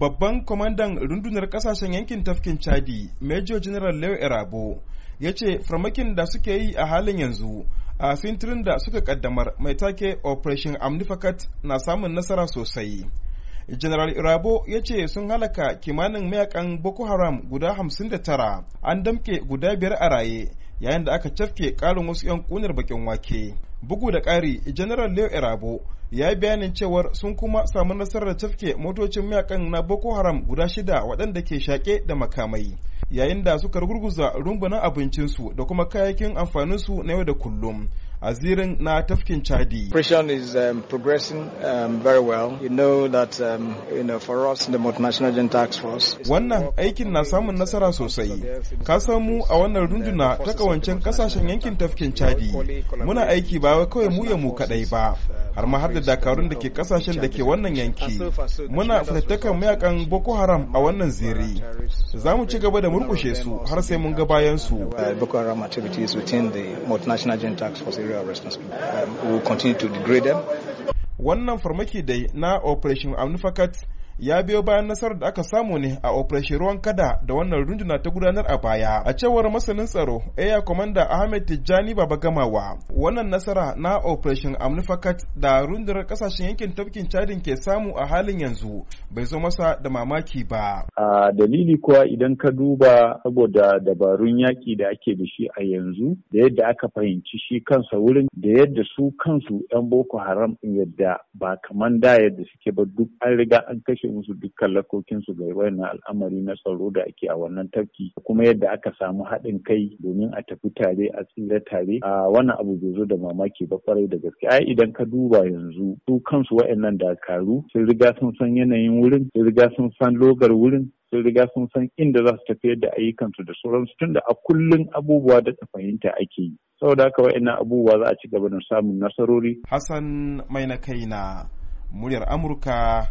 babban kwamandan rundunar kasashen yankin tafkin chadi major general leo irabo ya ce farmakin da suke yi a halin yanzu a sintirin da suka kaddamar mai take operation amnifakat na samun nasara sosai general irabo ya ce sun halaka kimanin mayakan boko haram guda 59 an damke guda biyar a raye yayin da aka cafke karin wasu 'yan kunar bakin wake bugu da ƙari general leo erabo ya yi bayanin cewar sun kuma samu nasarar tafke motocin mayakan na boko haram guda shida waɗanda ke shaƙe da makamai yayin da suka rugurguza rumbunan abincinsu da kuma kayayyakin amfaninsu na yau da kullum a zirin na tafkin Chadi. pression is um, progressing um, very well. You know that um, you know for us the multinational agent tax force. Wannan aikin na samun nasara sosai. Ka samu a wannan runduna ta kawancen kasashen yankin tafkin Chadi. Muna aiki ba kawai mu ya mu kadai ba. har ma har da dakarun da ke kasashen da ke wannan yanki muna fitattakan mayakan boko haram a wannan ziri za mu ci gaba da murkushe su har sai mun ga bayan su uh, boko haram activities within the multinational joint tax force area responsible um, will continue to degrade them wannan farmaki dai na operation amnifacat ya biyo bayan nasarar da aka samu ne a operation ruwan kada da wannan runduna ta gudanar a baya a cewar masanin tsaro air commander ahmed tijjani baba gamawa wannan nasara na operation amnifakat da rundunar kasashen yankin tafkin chadin ke samu a halin yanzu bai zo masa da mamaki ba a dalili kuwa idan ka duba saboda dabarun yaki da ake da shi a yanzu da yadda aka fahimci shi kansa wurin da yadda su kansu yan boko haram yadda ba kaman da yadda suke ba duk an riga an kashe musu dukkan lakokin su ga wannan al'amari na tsaro da ake a wannan tafki kuma yadda aka samu haɗin kai domin a tafi tare a tsira tare a wannan abu bai zo da mamaki ba kwarai da gaske ai idan ka duba yanzu su kansu wa'annan dakaru sun riga sun san yanayin wurin sun riga sun san logar wurin sun riga sun san inda za su tafi yadda ayyukansu da sauransu tun da a kullum abubuwa da fahimta ake yi saboda haka wa'annan abubuwa za a ci gaba da samun nasarori. Hassan mai na kai na muryar Amurka